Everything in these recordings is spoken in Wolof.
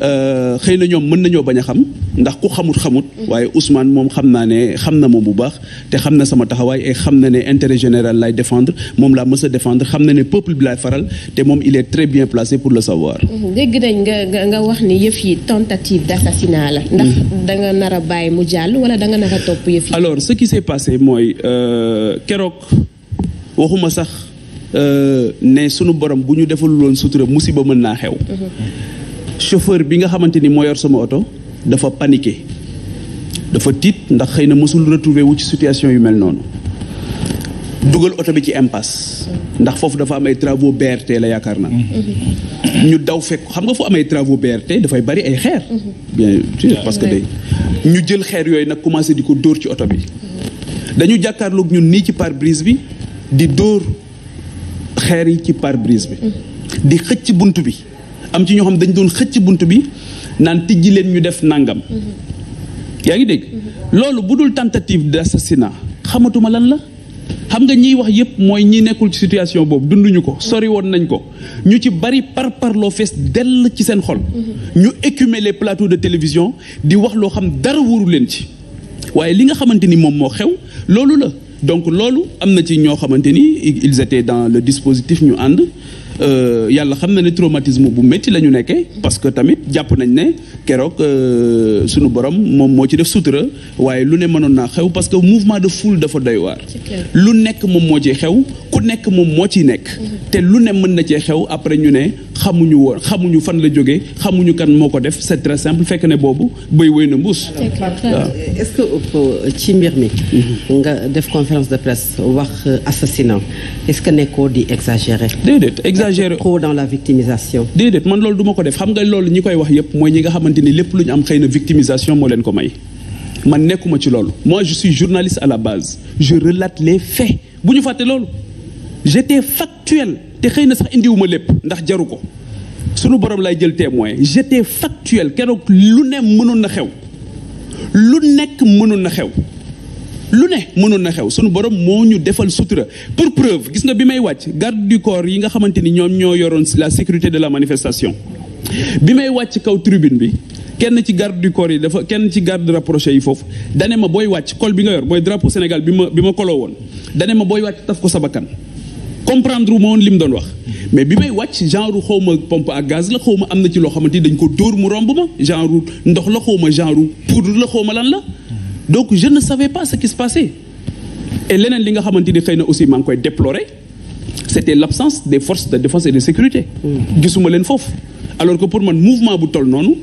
Euh, xëy na ñoom mën nañoo bañ a xam ndax ku xamut xamut waaye Ousmane moom xam naa ne xam na moom bu baax te xam na sama taxawaay et xam na ne intérêt général lay défendre moom laa mësa a défendre xam na ne peuple bi laay faral te moom il est très bien placé pour le savoir. Mm-hmm. dégg nañ nga nga wax ni yëf yi tentative d'assassinat la. ndax mm-hmm. da nga nar a bàyyi mu jàll wala danga nga topp yëf yi. alors ce qui s'est passé mooy euh, keroog waxuma sax euh, ne sunu borom bu ñu defalul woon sutura musiba mën naa xew. Mm-hmm. chauffeur bi nga xamante ni moo yor sama oto dafa paniqué dafa tiit ndax xëy na mësul retrouver wu ci situation yu mel noonu dugal oto bi ci impasse ndax foofu dafa am ay travaux BRT la yaakaar naa ñu daw fekk xam nga fu amay travaux BRT dafay bari ay xeer parce que day ñu jël xeer yooyu nag commencé di ko dóor ci oto bi dañu jàkkaarloog ñu nii ci pare-brise bi di dóor xeer yi ci pare-brise bi di xëcc bunt bi am ci ñoo xam dañu doon xëcc bunt bi naan tijji leen ñu def nangam. yaa ngi dégg loolu bu dul tentative d'assassinat xamatuma lan la xam nga ñiy wax yépp mooy ñi nekkul ci situation boobu dunduñu ko sori woon nañ ko ñu ci bari par par parloo fees dell ci seen xol ñu écumer les plateaux de télévision di wax loo xam dara wóoru leen ci waaye li nga xamante ni moom moo xew loolu la donc loolu am na ci ñoo xamante ni ils dans le dispositif ñu ànd Euh, yàlla xam na ne traumatisme bu métti la ñu nekkee parce que tamit jàpp nañ ne keroog euh, sunu borom moom moo ci def sutura waaye lu ne mënoon naa xew parce que mouvement de foule dafa doy waar lu nekk moom moo ci xew ku nekk moom moo ciy nekk. te lu ne mën na cee xew après ñu ne xamuñu woon xamuñu fan la jógee xamuñu kan moo ko def c'est très simple fekk ne boobu béy wéy na mbuus. est-ce que ci mbir mi. Mhm. nga def conférence de presse wax assassinat est-ce que nekkoo di exagérer. déedéet exagérer trop dans la victimisation. déedéet man loolu duma ko def xam nga loolu ñi koy wax yépp mooy ñi nga xamante ni lépp lu ñu am xëy na victimisation moo leen ko may. man nekkuma ci loolu moi je suis journaliste à la base je relate les faits bu ñu fàtte jete factuel te xëy na sax indiwuma lépp ndax jaru ko sunu borom lay jël témoin j'étais factuel keroog lu ne mënoon na xew lu nekk mënoon na xew lu ne mënoon na xew sunu borom moo ñu defal sutura pour preuve gis nga bi may wàcc garde du yi nga xamante ni ñoom ñoo yoroon la sécurité de la manifestation bi may wàcc kaw tribune bi kenn ci garde du corps yi dafa kenn ci garde rapproché yi foofu dane ma booy wàcc col bi nga yor mooy drapeau Sénégal bi ma bi ma koloo woon dane ma booy wàcc taf ko sa bakkan comprendre wu ma li mu doon wax mais bi may wàcc genre xaw ma pompe à gaz la xaw ma am na ci loo xamante ni dañ ko dóor mu romb ma genre ndox la xaw ma genre poudre la xaw ma lan la donc je ne savais pas ce qui se passait et leneen li nga xamante ni xëy na aussi maa ngi koy déplorer c'était l'absence des forces de défense et de sécurité hmm. gisuma leen foofu alors que pour man mouvement bu toll noonu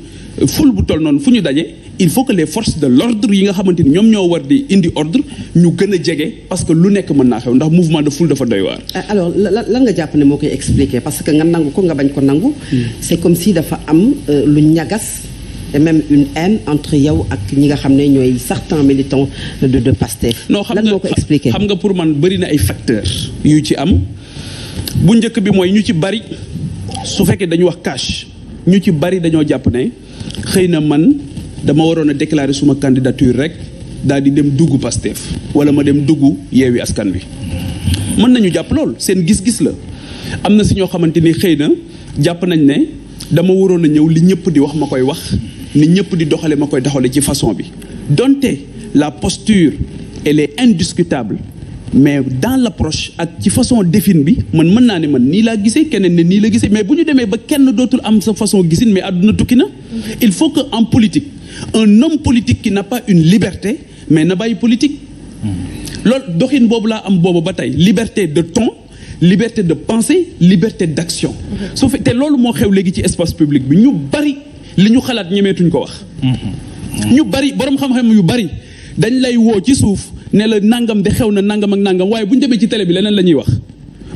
ful bu toll noonu fu ñu dajee il faut que les forces de l'ordre yi nga xamante ni ñoom ñoo war di indi ordre ñu gën a jege parce que lu nekk mën naa xew ndax mouvement de foule dafa doy waar. Ah, alors lan nga jàpp ne moo koy expliquer parce que nga nangu ko nga bañ ko nangu. Hmm. c'est comme si dafa am euh, lu ñagas. et même une entre yow ak ñi nga xam ne ñooy certains militants de de Pastef. lan moo ko expliquer xam nga pour man bëri na ay facteurs. yu ci am bu njëkk bi mooy ñu ci bari su fekkee dañu wax cash ñu ci bari dañoo jàpp ne xëy na man. dama waroon a déclarer suma candidature rek daal di dem dugg Pastef wala ma dem dugg yeewi askan wi mën nañu jàpp lool seen gis-gis la am na si ñoo xamante ni xëy na jàpp nañ ne dama waroon a ñëw li ñëpp di wax ma koy wax ni ñëpp di doxale ma koy doxale ci façon bi donte la posture elle est indiscutable mais dans l'approche ak ci façon défine bi man mën naa ne man nii laa gise keneen ne nii la gisee mais bu ñu demee ba kenn dootul am sa façon gisin mais àdduna tukki na mm-hmm. il faut que en politique un homme politique ki n'a pas une liberté mais na bàyyi politique loolu doxin boobu laa am boobu ba tey liberté de ton liberté de pensée liberté d'action mhm. su fekkee loolu moo xew léegi ci espace public bi ñu bari li ñu xalaat ñemeetuñ ko wax mhm. ñu bari borom xam-xam yu bari dañ lay woo ci suuf ne la nangam de xew na nangam ak nangam waaye bu ñu demee ci télé bi leneen la ñuy wax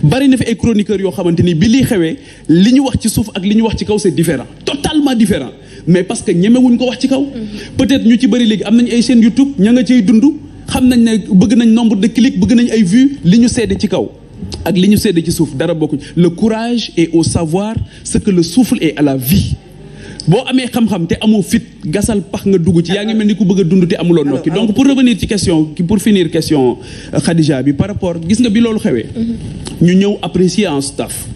bari na fi ay chroniqueurs yoo xamante ni bi liy xewee li ñu wax ci suuf ak li ñu wax ci kaw c'est différent totalement différent mais parce que ñemewuñ ko wax ci kaw. Mm-hmm. peut-être ñu ci bari léegi am nañ ay chaînes YouTube ña nga ciy dund xam nañ ne bëgg nañ nombre de clics bëgg nañ ay vues li ñu seede ci kaw. ak li ñu seede ci suuf dara bokkuñ le courage et au savoir ce le souffle est à la vie. boo amee xam-xam te amoo fit gasal pax nga dugg ci yaa ngi mel ni ku bëgg a dund te amuloo nokki donc pour revenir ci question pour finir question euh, Khadija bi par rapport gis nga bi loolu xewee mhm. ñu ñëw apprécier en staff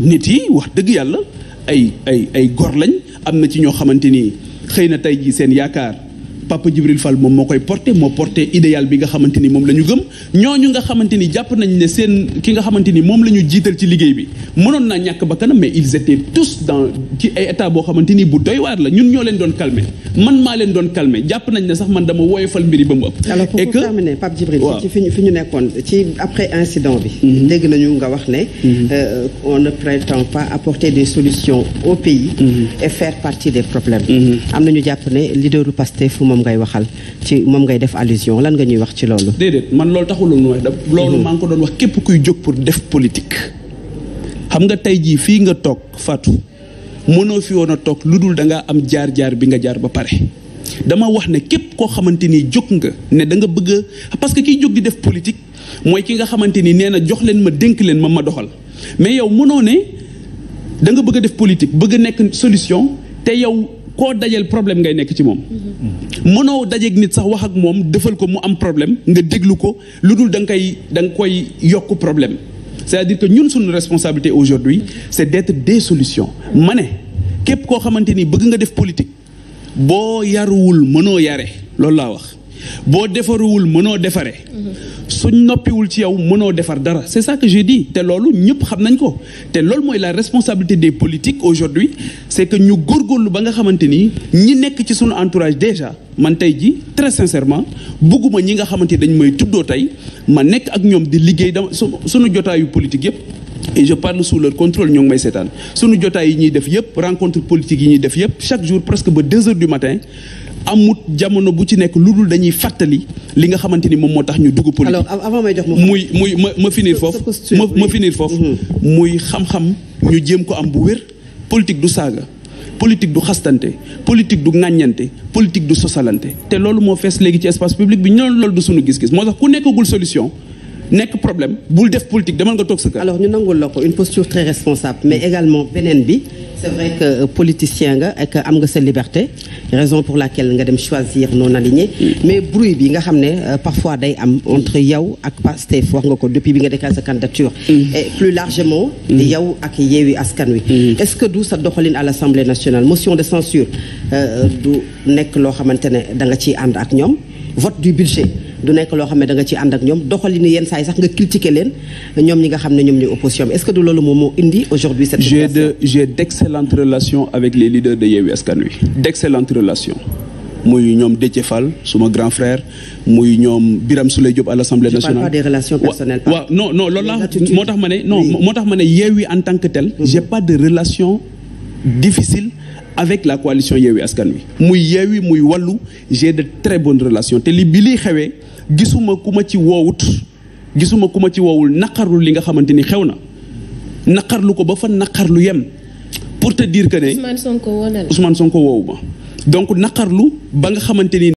nit yi wax dëgg yàlla ay ay ay gor lañ am na ci ñoo xamante ni xëy na tey ji seen yaakaar Papa Djibril Fall moom moo koy porté moo porté idéal bi nga xamante ni moom la ñu gëm ñooñu nga xamante jàpp nañ ne seen ki nga xamante moom la jiital ci liggéey bi mënoon naa ñàkk ba kanam mais ils étaient tous dans ci ay boo xamante bu doy waar la ñun ñoo leen doon calmer man maa leen doon calmer jàpp nañ ne sax man dama woyofal mbiri ba mu ëpp. alors fi ñu nekkoon ci après incident bi. Mhm. dégg nañu nga wax ne. Mhm. Euh, on ne prétend pas apporter moom ngay waxal ci moom ngay def allusion lan nga ñuy wax ci loolu. déedéet man loolu taxul lu mu loolu mhm. maa ngi ko doon wax képp kuy jóg pour def politique. xam nga tey jii fii nga toog Fatou mënoo fi woon a toog lu dul da nga am jaar-jaar bi nga jaar ba pare dama wax ne képp koo xamante ni jóg nga ne da nga bëgg parce que kiy jóg di def politique mooy ki nga xamante ni nee na jox leen ma dénk leen ma ma doxal mais yow mënoo ne da nga bëgg def politique bëgg a nekk solution te yow koo dajal problème ngay nekk ci moom. Mhm. mënoo dajeeg nit sax wax ak moom defal ko mu am problème nga déglu ko lu dul danga koy da nga koy yokk problème c'est-à-dire que ñun suñu responsabilité aujourd'hui c'est d'être des solutions ma ne képp koo xamante ni bëgg nga def politique boo yaruwul mënoo yare loolu laa wax boo defaruwul mënoo defare suñ noppiwul ci yow mënoo defar dara c'est ça que j'ai te loolu ñëpp xam nañ ko te loolu mooy la responsabilité des politiques aujourd'hui c'est que ñu góorgóorlu ba nga xamante ni ñi nekk ci suñu entourage déjà man tey ji très sincèrement bugguma ñi nga xamante ni dañ mooy tuddoo tey ma nekk ak ñoom di liggéey dama su suñu jotaayu politique yëpp et je parle sous leur contrôle ñoo ngi may seetaan suñu jotaay yi ñuy def yëpp rencontre politique yi ñuy def yëpp chaque jour presque ba deux heures du am mut jamono bu ci nekk lu dul dañuy fàttali li nga xamante ni moom moo tax ñu dugg politique. alors avant may jox ma muy muy ma ma finir foofu ma ma finir foofu. Mm-hmm. muy xam-xam ñu jéem ko am bu wér politique du saaga. politique du xastante politique du ŋàññante politique du sosalante te loolu moo fees léegi ci espace public bi ñoom loolu du suñu gis-gis moo tax ku nekkagul solution. nekk problème bul def politique demal nga toog sa kër. alors ñu nangul la ko une posture très responsable mais mm. également beneen bi c'est vrai que euh, politicien nga ak am nga sa liberté raison pour laquelle nga dem choisir non aligné mm. mais bruit bi nga xam ne euh, parfois day am entre yow ak Pastef wax nga ko depuis bi nga déclaré sa candidature mm. et plus largement yow ak Yewwi Askan Wi est-ce que du sa doxalin à l'Assemblée nationale motion de censure euh, du nekk loo xamante ne da nga ciy ànd ak ñoom vote du budget du nekk loo xam ne da nga ciy ànd ak ñoom doxali ni yenn saa yi sax nga critiquer leen ñoom ñi nga xam ne ñoom ñooy opposition bi est-ce que du loolu moom moo indi aujourd'hui cette j'ai de j'ai avec les de Yewwi Askan Wi d'excellentes relations muy ñoom Déthié Fall suma grand frère muy ñoom Birame Souleye Diop à l'Assemblée nationale. je parle pas des moo tax ma ne non moo tax ma en tant que tel. j'ai mhm. pas de relation. difficile avec la coalition Yewwi Askan Wi muy Yewwi muy wallu j'ai de très bonnes relations te li bi liy xewee gisuma ku ma ci woowut gisuma ku ma ci woowul naqarlu li nga xamante ni xew na naqarlu ko ba fa naqarlu yem pour te dire que ne Ousmane Sonko woowu ma donc naqarlu ba nga xamante